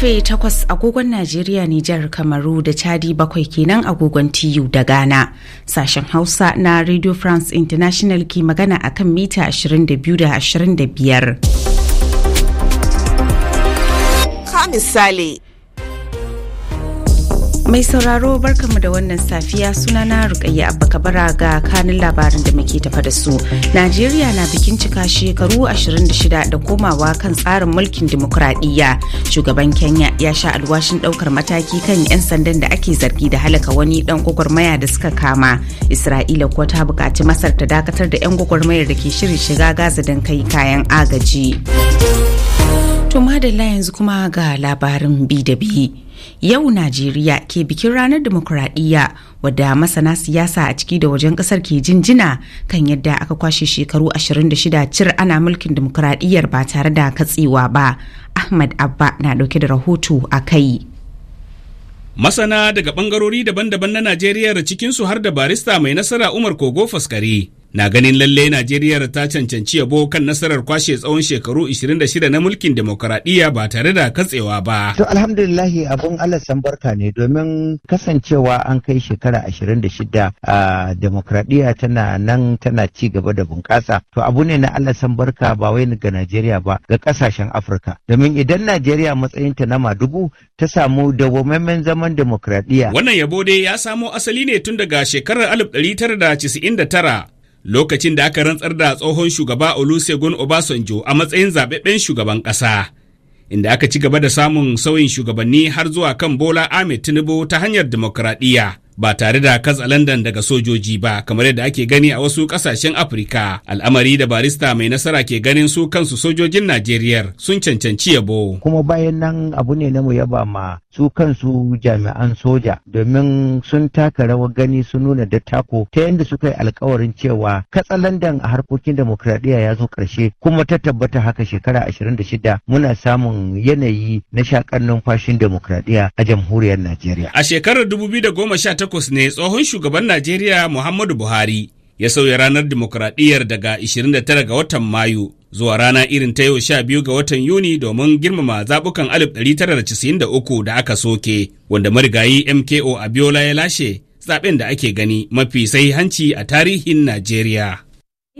karfe takwas agogon Najeriya Nijar Kamaru da Chadi bakwai kenan agogon TU da Ghana. Sashen Hausa na Radio France International ke magana a kan mita 22 da 25. Ka Mai sauraro barkanmu da wannan safiya sunana Rukayya Abba Kabara ga kanin labarin da muke tafa da su. Najeriya na bikin cika shekaru 26 da komawa kan tsarin mulkin dimokuraɗiyya. Shugaban Kenya ya sha alwashin ɗaukar mataki kan 'yan sandan da ake zargi da halaka wani ɗan gwagwarmaya da suka kama. Isra'ila ko ta buƙaci Masar ta dakatar da 'yan gwagwarmayar da ke shirin shiga Gaza don kai kayan agaji. To madalla yanzu kuma ga labarin bi da bi. yau najeriya ke bikin ranar demokuraɗiyya wadda masana siyasa a ciki da wajen kasar ke jinjina kan yadda aka kwashe shekaru 26 cir ana mulkin demokuraɗiyyar ba tare da katsewa ba ahmad abba na ɗauke da rahoto a kai masana daga bangarori daban-daban na najeriya da cikinsu har da barista mai nasara umar kogo faskare na ganin lalle Najeriya ta cancanci yabo kan nasarar kwashe tsawon shekaru 26 na mulkin demokuraɗiyya ba tare da katsewa ba. To alhamdulillah abun Allah san barka ne domin kasancewa an kai shekara 26 a demokuraɗiyya tana nan tana ci gaba da bunƙasa. To abu ne na Allah san barka ba wai ga Najeriya ba ga kasashen Afirka. Domin idan Najeriya matsayin ta na madubu ta samu dawwammamen zaman demokuraɗiyya. Wannan yabo dai ya samo asali ne tun daga shekarar 1999 lokacin da aka rantsar da tsohon shugaba Olusegun Obasanjo a matsayin zaɓaɓɓen shugaban ƙasa. Inda aka ci gaba da samun sauyin shugabanni har zuwa kan Bola Ahmed Tinubu ta hanyar dimokuraɗiyya. ba tare da katsalandan daga sojoji ba kamar yadda ake gani a wasu kasashen afirka al'amari da barista mai nasara ke ganin su kansu sojojin najeriya sun cancanci yabo kuma bayan nan abu ne na mu yaba ma su kansu jami'an soja domin sun taka rawar gani sun nuna da tako, ta yadda suka yi alkawarin cewa katsalandan a harkokin demokradiyya ya zo karshe kuma ta tabbata haka shekara 26 muna samun yanayi na shakar numfashin demokradiyya a jamhuriyar najeriya a shekarar 2018 takwas ne tsohon shugaban Najeriya Muhammadu Buhari ya sauya ranar dimokuraɗiyyar daga 29 ga watan Mayu zuwa rana irin ta yau 12 ga watan Yuni domin girmama zaɓukan 1993 da aka soke wanda marigayi MKO Abiola ya lashe zaɓen da ake gani mafi sai hanci a tarihin Najeriya.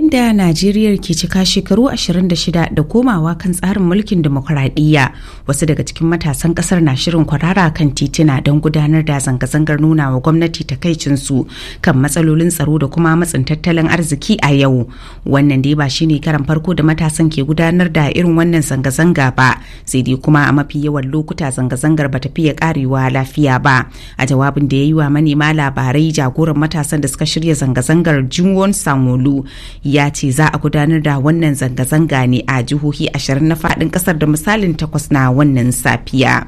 inda Najeriya ke cika shekaru 26 da komawa kan tsarin mulkin demokuraɗiyya wasu daga cikin matasan ƙasar na shirin kwarara kan titina don gudanar da zanga-zangar nuna wa gwamnati takaicinsu kan matsalolin tsaro da kuma matsin tattalin arziki a yau wannan dai ba shine karan farko da matasan ke gudanar da irin wannan zanga-zanga ba sai dai kuma a mafi yawan lokuta zanga-zangar ba ta fiye karewa lafiya ba a jawabin da ya yi wa manema labarai jagoran matasan da suka shirya zanga-zangar jinwon samolu ya ce za a gudanar da wannan zanga-zanga ne a jihohi ashirin na faɗin ƙasar da misalin takwas na wannan safiya.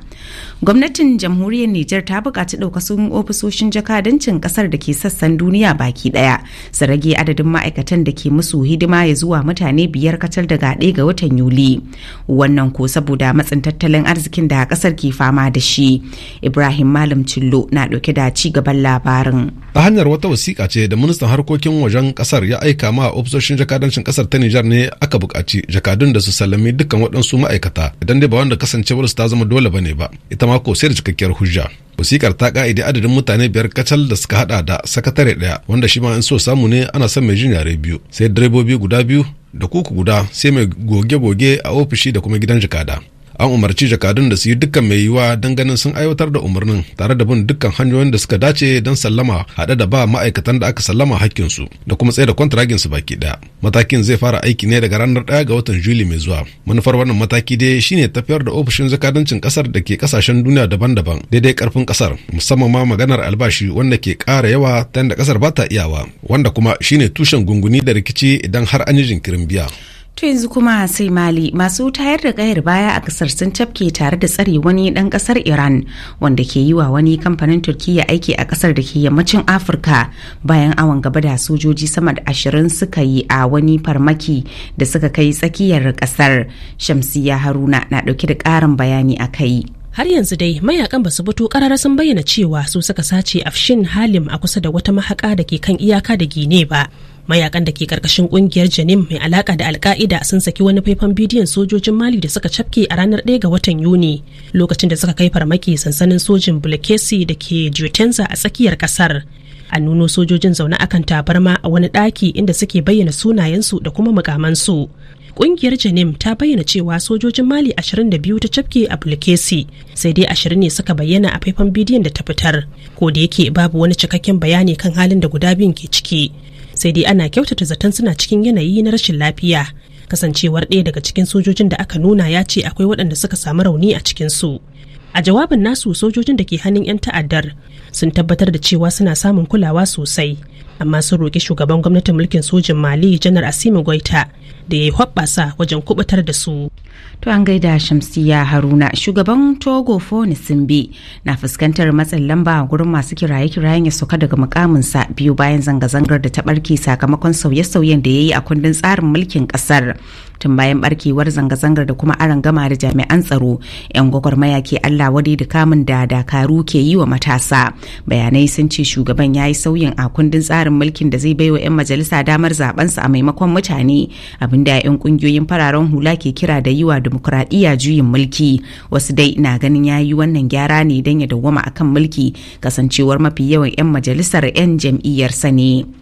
gwamnatin jamhuriyar nijar ta bukaci ɗaukasun ofisoshin jakadancin ƙasar da ke sassan duniya baki ɗaya su rage adadin ma'aikatan da ke musu hidima ya zuwa mutane biyar kacal daga ɗaya ga watan yuli wannan ko saboda matsin tattalin arzikin da kasar ke fama da shi ibrahim malam cillo na ɗauke da ci gaban labarin a hanyar wata wasiƙa ce da ministan harkokin wajen kasar ya aika ma ofisoshin jakadancin kasar ta nijar ne aka bukaci jakadun da su sallami dukkan waɗansu ma'aikata idan dai ba wanda kasancewar su ta zama dole bane ba ita ma ko sai da cikakkiyar hujja wasikar ta ka'ide adadin mutane biyar kacal da suka hada da sakatare daya wanda shi ma in so samu ne ana son mai jin yare biyu sai direbobi guda biyu da kuku guda sai mai goge-goge a ofishi da kuma gidan jikada an umarci jakadun da su yi dukkan mai yiwuwa don ganin sun aiwatar da umarnin tare da bin dukkan hanyoyin da suka dace don sallama haɗe da ba ma'aikatan da aka sallama hakkinsu da kuma tsaye da kwantiragin su baki ɗaya matakin zai fara aiki ne daga ranar ɗaya ga watan juli mai zuwa manufar wannan mataki dai shine tafiyar da ofishin jakadancin kasar da ke kasashen duniya daban-daban daidai ƙarfin ƙasar musamman ma maganar albashi wanda ke ƙara yawa ta yadda kasar ba ta iyawa wanda kuma shine tushen gunguni da rikici idan har an yi jinkirin biya To yanzu kuma sai Mali masu tayar da kayar baya a kasar sun tafke tare da tsare wani dan kasar Iran wanda ke yi wa wani kamfanin Turkiyya aiki a kasar da ke yammacin Afirka bayan awon gaba da sojoji sama da ashirin suka yi a wani farmaki da suka kai tsakiyar kasar Shamsiya Haruna na ɗauke da ƙarin bayani a kai. har yanzu dai mayakan basu fito karara sun bayyana cewa su suka sace afshin halim a kusa da wata mahaka da ke kan iyaka da gine ba mayakan da ke karkashin kungiyar janim mai alaka da alka'ida sun saki wani faifan bidiyon sojojin mali da suka cafke a ranar 1 ga watan yuni lokacin da suka kai farmaki sansanin sojin bulkesi da ke jutenza a tsakiyar kasar a nuno sojojin zaune akan tabarma a wani ɗaki inda suke bayyana sunayensu da kuma mukamansu kungiyar janim ta bayyana cewa sojojin mali 22 ta cafke a bulkesi sai dai 20 ne suka bayyana a faifan bidiyon da ta fitar ko da yake babu wani cikakken bayani kan halin da guda biyun ke ciki sai dai ana kyautata zaton suna cikin yanayi na rashin lafiya kasancewar ɗaya daga cikin sojojin da aka nuna ya ce akwai waɗanda suka samu rauni a cikin su a jawabin nasu sojojin da ke hannun 'yan ta'addar sun tabbatar da cewa suna samun kulawa sosai amma sun roƙi shugaban gwamnatin mulkin sojin mali janar asimi goita da ya hoɓɓasa wajen kubutar da su. To an gaida Shamsiya Haruna shugaban Togo Foni simbi na fuskantar matsin lamba a gurin masu kiraye-kirayen ya sauka daga mukaminsa biyu bayan zanga-zangar da ta barke sakamakon sauye-sauyen da ya yi a kundin tsarin mulkin kasar. Tun bayan barkewar zanga-zangar da kuma aron gama da jami'an tsaro 'yan gwagwarmaya ke Allah wadai da kamun da dakaru ke yi wa matasa. Bayanai sun ce shugaban ya yi sauyin a kundin tsarin mulkin da zai baiwa 'yan majalisa damar zaɓensa a maimakon mutane a abinda 'yan kungiyoyin fararen hula ke kira da yiwa dimokuraɗiyya juyin mulki wasu dai na ganin ya yi wannan gyara ne don ya dawwama akan mulki kasancewar mafi yawan 'yan majalisar 'yan jam'iyyarsa ne.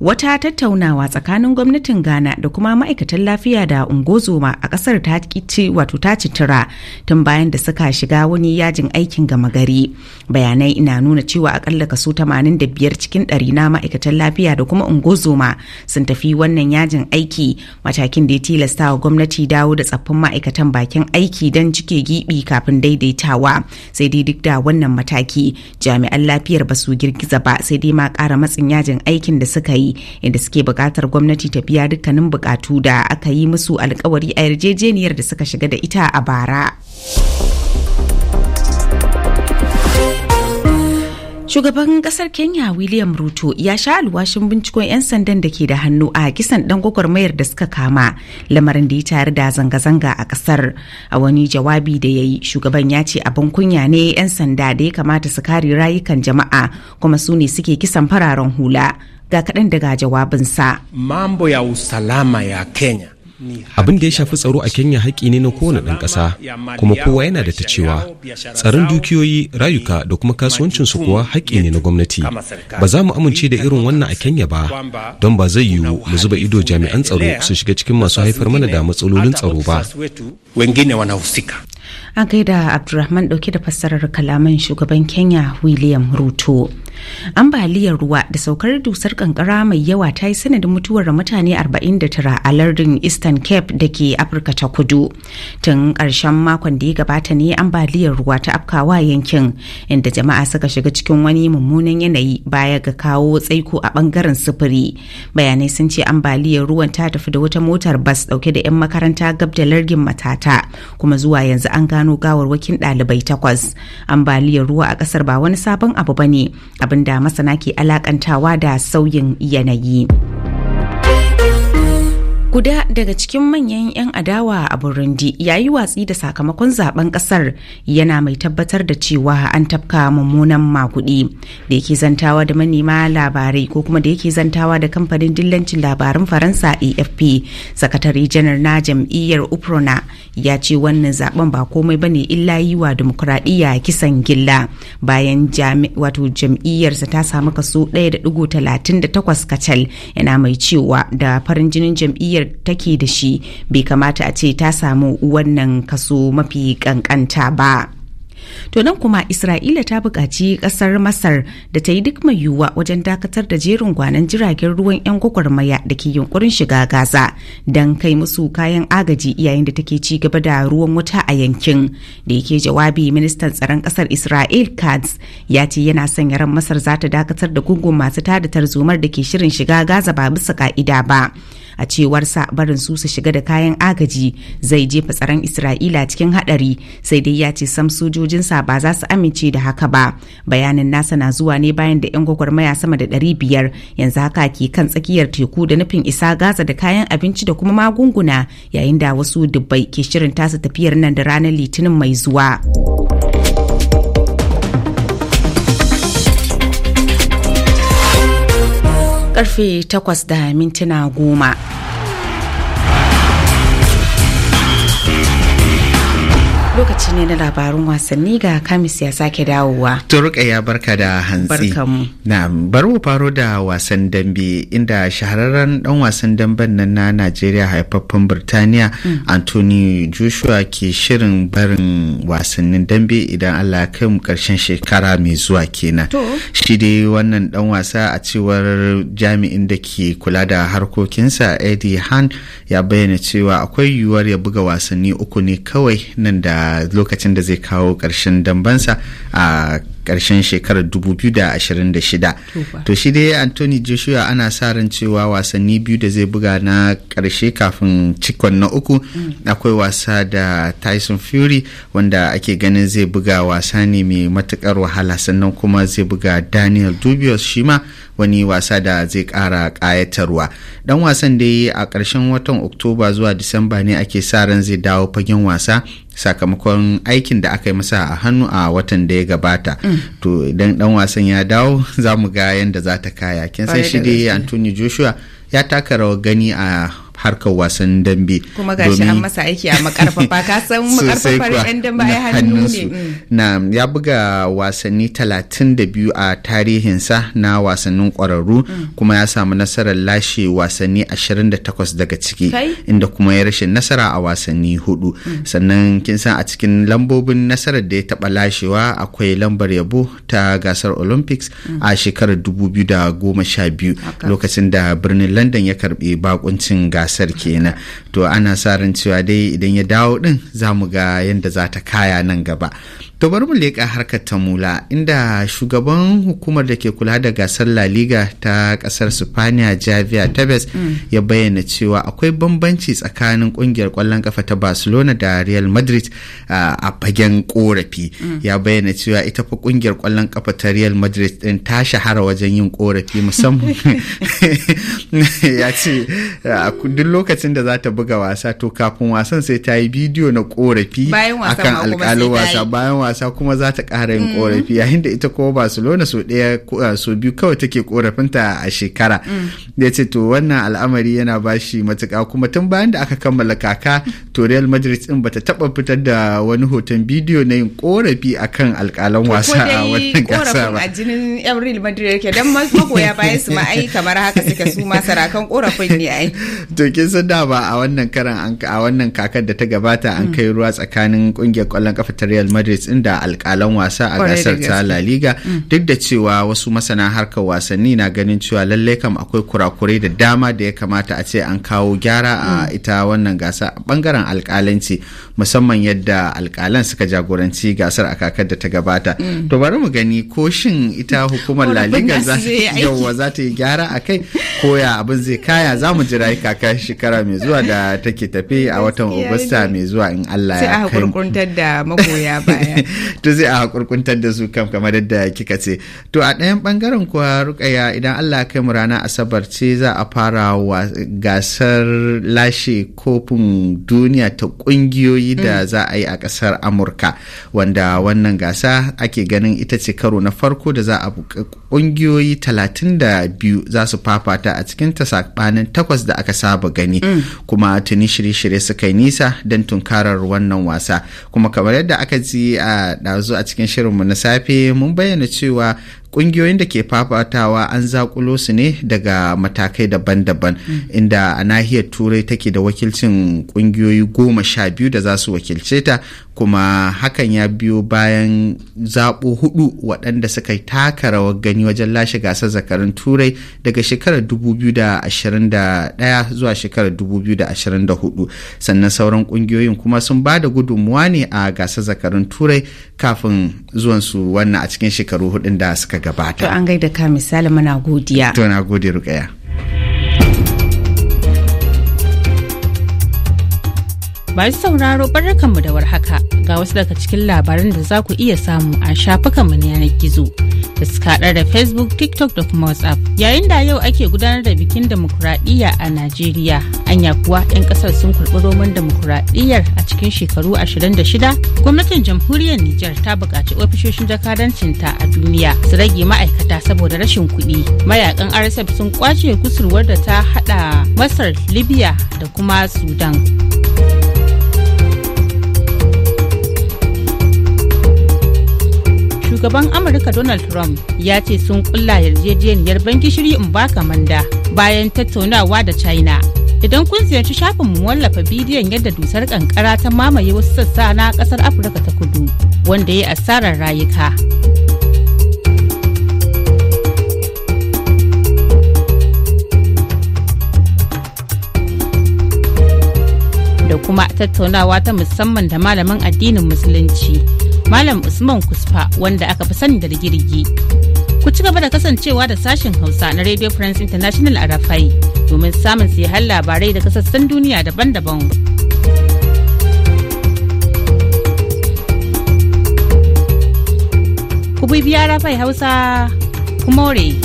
wata tattaunawa tsakanin gwamnatin ghana da kuma ma'aikatan lafiya da ungozoma a kasar ta kici wato ta citira tun bayan da suka shiga wani yajin aikin gama gari bayanai ina nuna cewa akalla kaso 85 cikin ɗari na ma'aikatan lafiya da kuma ungozoma sun tafi wannan yajin aiki matakin da ya tilasta wa gwamnati dawo da tsaffin ma'aikatan bakin aiki don cike gibi kafin daidaitawa sai dai duk da wannan mataki jami'an lafiyar ba su girgiza ba sai dai ma ƙara matsin yajin aikin da suka yi inda suke buƙatar gwamnati ta biya dukkanin buƙatu da aka yi musu alkawari a yarjejeniyar da suka shiga da ita a bara. Shugaban kasar Kenya William Ruto ya sha alwashin bincikon 'yan sandan da ke da hannu a kisan dan gwagwarmayar da suka kama lamarin da ya tare da zanga-zanga a kasar. A wani jawabi da ya yi shugaban ya ce abin kunya ne 'yan sanda da ya kamata su kare rayukan jama'a kuma su ne suke kisan fararen hula. Ga kaɗan daga jawabinsa. Mambo ya usalama ya Kenya abin da ya shafi tsaro a kenya haƙƙi ne na kowane ɗan ƙasa kuma kowa yana da ta cewa tsaron dukiyoyi rayuka da kuma kasuwancinsu kuwa haƙƙi ne na gwamnati ba za mu amince da irin wannan a kenya ba don ba zai yiwu mu zuba ido jami'an tsaro su shiga cikin masu haifar mana da matsalolin tsaro ba a gaida abdulrahman ɗauke da fassarar kalaman shugaban kenya william ruto ambaliyar ruwa da saukar dusar kankara mai yawa ta yi sanadin mutuwar mutane 49 a lardin eastern cape da ke afirka ta kudu tun karshen makon da ya gabata ne ambaliyar ruwa ta afkawa yankin inda jama'a suka shiga cikin wani mummunan yanayi baya ga kawo tsaiko a bangaren sufuri bayanai sun ce ambaliyar ruwan ta tafi da wata motar bas ɗauke da 'yan makaranta gab da largin matata kuma zuwa yanzu an gano gano gawarwakin ɗalibai takwas ambaliyar ruwa a ƙasar ba wani sabon abu ba bane abinda masana ke alakantawa da sauyin yanayi. guda daga cikin manyan 'yan adawa a burundi ya yi watsi da sakamakon zaben kasar yana mai tabbatar da cewa an tafka mummunan makudi da yake zantawa da manema labarai ko kuma da yake zantawa da kamfanin dillancin labarun faransa afp sakatare janar na jam'iyyar uprona ya ce wannan zaben ba komai bane illa yi wa demokuraɗiyya kisan gilla bayan wato jam'iyyarsa ta samu kaso 1.38 kacal yana mai cewa da farin jinin jam'iyyar take da shi bai kamata a ce ta samu wannan kaso mafi kankanta ba. To nan kuma Isra'ila ta buƙaci ƙasar Masar da ta yi duk mai yiwuwa wajen dakatar da jerin gwanan jiragen ruwan 'yan gwagwarmaya da ke yunkurin shiga Gaza don kai musu kayan agaji yayin da take ci gaba da ruwan wuta a yankin. Da yake jawabi ministan tsaron ƙasar Isra'il Katz ya ce yana son yaran Masar za ta dakatar da gungun masu tada tarzomar da ke shirin shiga Gaza ba bisa ka'ida ba. a cewar sa barin su su shiga da kayan agaji zai jefa tsaron isra'ila cikin hadari sai dai ya ce sam sojojinsa ba za su amince da haka ba bayanin nasa na zuwa ne bayan da 'yan gwagwarmaya sama da ɗari biyar yanzu haka ke kan tsakiyar teku da nufin isa gaza da kayan abinci da kuma magunguna yayin da wasu dubbai ke shirin tasu tafiyar nan da ranar litinin mai zuwa. karfe 8 da mintuna goma. lokaci ne na labarun wasanni ga kamis ya sake dawowa turuka ya barka da hantsi na bari mu faro da wasan dambe inda shahararren dan wasan damben nan na najeriya haifaffen birtaniya mm. anthony joshua ke shirin barin wasannin dambe idan allah kai mu karshen shekara mai zuwa kenan shi dai wannan dan wasa a cewar jami'in da ke kula da harkokinsa eddie han ya bayyana cewa akwai yiwuwar ya buga wasanni uku ne kawai nan da lokacin da zai kawo ƙarshen dambansa a ƙarshen shekarar 2026 to shi dai anthony joshua ana sa ran cewa wasanni biyu da zai buga na ƙarshe kafin cikon na uku mm. akwai wasa da tyson fury wanda ake ganin zai buga wasa ne mai matuƙar wahala sannan kuma zai buga daniel dubious shi ma wani wasa da zai ƙara ƙayatarwa dan wasan da yi a ƙarshen watan oktoba zuwa disamba ne ake sa ran zai dawo fagen wasa sakamakon aikin da aka yi masa a hannu a watan da ya gabata to idan dan wasan ya dawo za mu ga yadda za ta kaya kin san shi dai anthony joshua ya taka rawar gani a harkar wasan dambe kuma gashi an masa aiki a makarfafa ka san makarfafa yan dambe ya hannu ne mm. na ya buga wasanni talatin da biyu a tarihinsa na wasannin kwararru mm. kuma ya samu nasarar lashe wasanni ashirin da 28 daga ciki inda kuma ya rashin nasara a wasanni hudu mm. sannan kin san a cikin lambobin nasarar da ya taba lashewa akwai lambar yabo ta gasar olympics a shekarar goma sha biyu lokacin da birnin london ya karbi bakuncin gasar gasar kenan to ana sa ran cewa dai idan ya dawo din za mu ga yadda za ta kaya nan gaba To bari mu leƙa harkar ta mula inda shugaban hukumar da ke kula da gasar La Liga ta ƙasar Spaniya Javier Tebes mm. ya bayyana cewa akwai bambanci tsakanin ƙungiyar ƙwallon ƙafa ta Barcelona da Real Madrid a fagen ƙorafi. Mm. Ya bayyana cewa ita fa ƙungiyar ƙwallon ƙafa ta Real Madrid ɗin ta shahara wajen yin ƙorafi musamman ya ce duk lokacin da za ta buga wasa to kafin wasan sai ta yi bidiyo na ƙorafi akan alƙalin wasa bayan wasa kuma za ta ƙara yin korafi mm. yayin da ita kuma barcelona so ɗaya uh, so biyu kawai take ƙorafinta a shekara da mm. ce to wannan al'amari yana bashi matuƙa kuma tun bayan da aka kammala kaka to real madrid din bata taɓa fitar da wani hoton bidiyo na yin korafi akan alƙalan wasa a wannan gasa ba a jinin yan real madrid yake dan magoya bayan su ma ai kamar haka suke su ma sarakan korafin ne ai to kin san da ba a wannan karan a wannan kakar da ta gabata an mm. kai ruwa tsakanin kungiyar ƙwallon kafa ta real madrid din da alkalan wasa a gasar ta La Liga mm. duk da cewa wasu masana harkar wasanni na ganin cewa lallai kam akwai kurakurai da dama da ya kamata a ce an kawo gyara a mm. ita wannan gasa a bangaren alkalanci musamman yadda alkalan suka jagoranci gasar a kakar da ta gabata mm. to bari mu gani ko shin ita hukumar La Liga za ta yi gyara akai kai koya abin zai kaya za mu jira kaka shekara mai zuwa da take tafi a watan Agusta mai zuwa in Allah ya kai. Sai a da magoya baya. to sai a hakurkuntar da su kam kamar yadda kika ce to a ɗayan ɓangaren kuwa rukaya idan allah kai mu rana asabar ce za a fara gasar lashe kofin duniya ta ƙungiyoyi da mm. za a yi a ƙasar amurka wanda wannan gasa ake ganin ita ce karo na farko da za a ƙungiyoyi talatin da biyu za su fafata a cikin ta saɓanin takwas da aka saba gani mm. kuma tuni shirye-shirye suka yi nisa don tunkarar wannan wasa kuma kamar yadda aka ji a a ɗazu a cikin shirinmu na safe mun bayyana cewa ƙungiyoyin da ke fafatawa an zakulo su ne daga matakai daban-daban mm. inda a nahiyar turai take da wakilcin ƙungiyoyi goma sha biyu da za su wakilce ta kuma hakan ya biyo bayan zaɓo hudu waɗanda suka taka rawar gani wajen lashe gasar zakarun turai daga shekarar 2021 zuwa shekarar 2024 sannan sauran ƙungiyoyin kuma sun ba da gudunmuwa ne a gasar zakarun turai kafin zuwansu wannan a cikin shekaru hudun da suka gabata. To an gaida ka misali muna godiya. To na gode rukaya. Masu sauraro barkanmu da warhaka ga wasu daga cikin labaran da za ku iya samu a mu na yanar gizo da suka da Facebook, TikTok da kuma WhatsApp. Yayin da yau ake gudanar da bikin demokuraɗiyya a Najeriya, anya kuwa 'yan kasar sun kurɓi roman demokuraɗiyyar a cikin shekaru 26, gwamnatin jamhuriyar Nijar ta buƙaci ofishoshin jakadancinta a duniya su rage ma'aikata saboda rashin kuɗi. Mayakan RSF sun kwace kusurwar da ta haɗa Masar, Libya da kuma Sudan. shugaban amurka donald trump ya ce sun kulla yarjejeniyar banki shiri in baka manda bayan tattaunawa da china idan kun ziyarci shafin mu wallafa bidiyon yadda dusar kankara ta mamaye wasu sassa na kasar afirka ta kudu wanda ya asarar rayuka da kuma tattaunawa ta musamman da malamin addinin musulunci Malam Usman Kusfa wanda aka fi sani da rigirgi. Ku ci gaba da kasancewa da sashen Hausa na Radio France International a Rafai domin samun sihan labarai daga sassan duniya daban-daban. Ku bibiya Rafai Hausa kumore.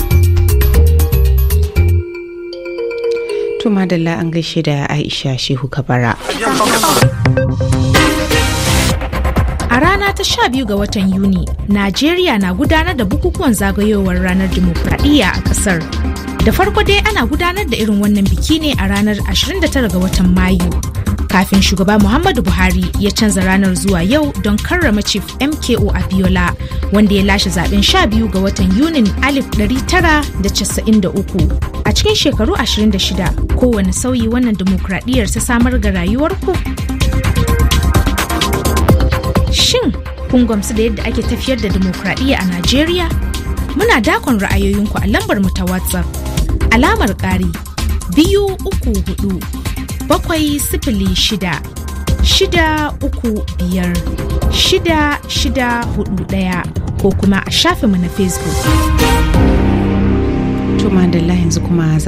Tuma madalla an gaishe da Aisha Shehu Kabara. A rana ta 12 ga watan Yuni, Najeriya na gudanar da bukukuwan zagayowar ranar dimokuraɗiyya a ƙasar. Da farko dai ana gudanar da irin wannan biki ne a ranar 29 ga watan Mayu. Kafin shugaba Muhammadu Buhari ya canza ranar zuwa yau don karrama Chief MKO Abiola wanda ya lashe zaben 12 ga watan Yunin 1993. A cikin shekaru 26 kowane sauyi wannan dimokuraɗiyyar ta samar ga rayuwarku Shin kun gamsu da yadda ake tafiyar da dimokuraɗiyya a Najeriya? Muna dakon ra'ayoyinku a lambar mu ta WhatsApp. Alamar ƙari biyu uku hudu bakwai sifili shida shida uku biyar shida shida hudu ɗaya ko kuma a shafinmu na Facebook. Tuma da yanzu kuma